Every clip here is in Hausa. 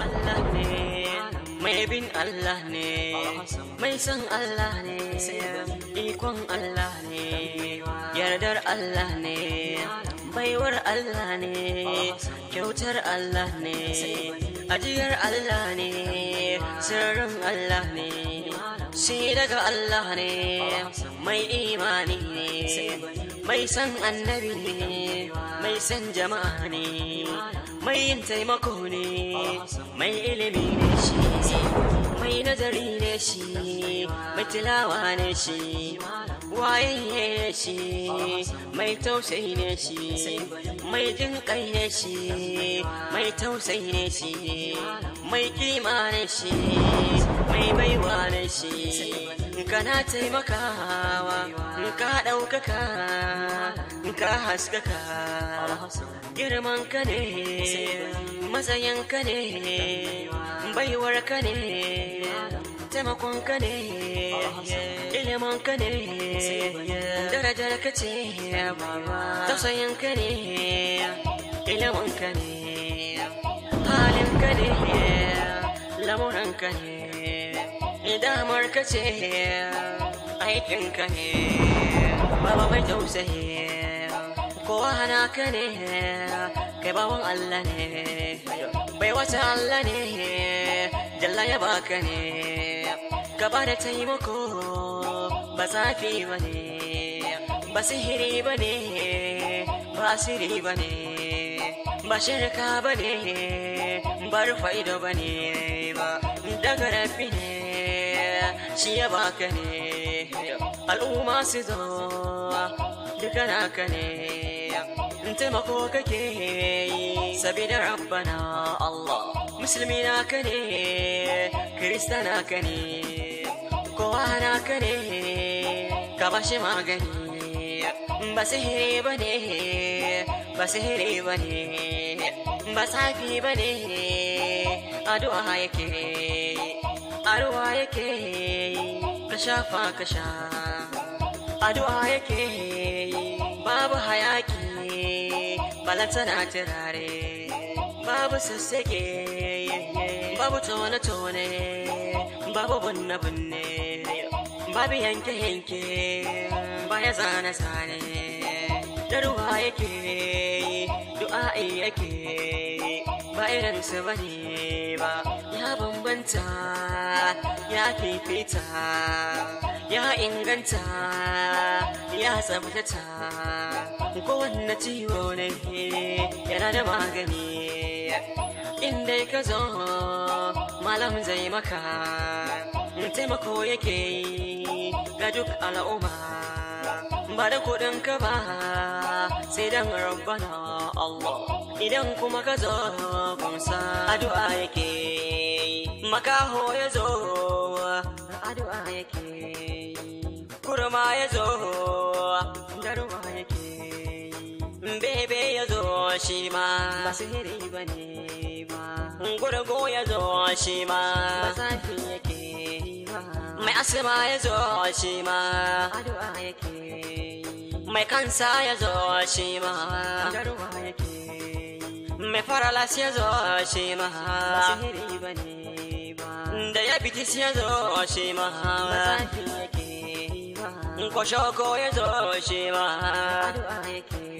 Allah ne mai bin Allah ne mai son Allah ne ikon Allah ne yardar Allah ne baiwar Allah ne kyautar Allah ne ajiyar Allah ne sirrin Allah ne shi daga Allah ne mai imani ne mai son annabi ne mai san jama'a ne mai yin taimako ne mai ilimi ne shi mai nazari ne shi mai tilawa ne shi waye ne shi mai tausayi ne shi mai jin kai ne shi mai tausayi ne shi mai kima ne shi mai baiwa ne shi kana taimakawa ka ɗaukaka ka haskaka girman ka ne matsayin ka ne baiwar ka ne taimakon ka ne ilimin ka ne darajar ka ce tausayin ka ne ilimin ka ne halin ka ne lamuran ka ne damar ka ce aikin ka ne baba mai tausayi kowa hana ka ne kai bawan Allah ne bai wata Allah ne jalla ya baka ne ba da taimako ba zafi ba ne ba sihiri ba ne ba siri ba ne ba shirka ba ne ba rufa ba ne ba daga rafi ne shi ya baka ne al'umma su zo duka naka ne taimako kake sabida rabbana Allah musulmi na ka ne kirista na ka ne kowa na ka ne ka ba shi magani ba sihiri ba ne ba sihiri ba ne ba tsafi ba ne addu'a yake addu'a yake ka shafa ka sha addu'a yake babu hayaki bala tana turare babu sassake babu tone-tone babu bunne-bunne babu yanke-yanke baya zane-zane da ruwa yake du'a'i yake ba irinsu ba ne ba ya bambanta ya fifita ya inganta ya tsabtata kowanne ciwo ne yana da magani inda ka zo malam zai maka taimako yake yi ga duk al'umma ba da kudin ka ba sai dan rabbana Allah idan kuma ka zo kunsa addu'a yake makaho ya zo shi ma ba sihiri ba ne ba gurgu ya zo shi ma ba safi yake yi mai asima ya zo shi ma addu'a yake yi mai kansa ya zo shi ma garuwa yake yi mai faralas ya zo shi ma ba sihiri ba ne ba da ya bitis ya zo shi ma ba safi yake yi ba ko ya zo shi ma addu'a yake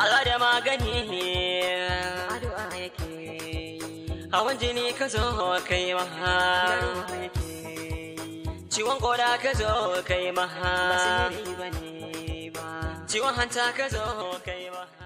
Allah da magani addu'a yake hawan jini ka zo kai ma ciwon koda ka zo kai ma ciwon hanta ka zo kai ma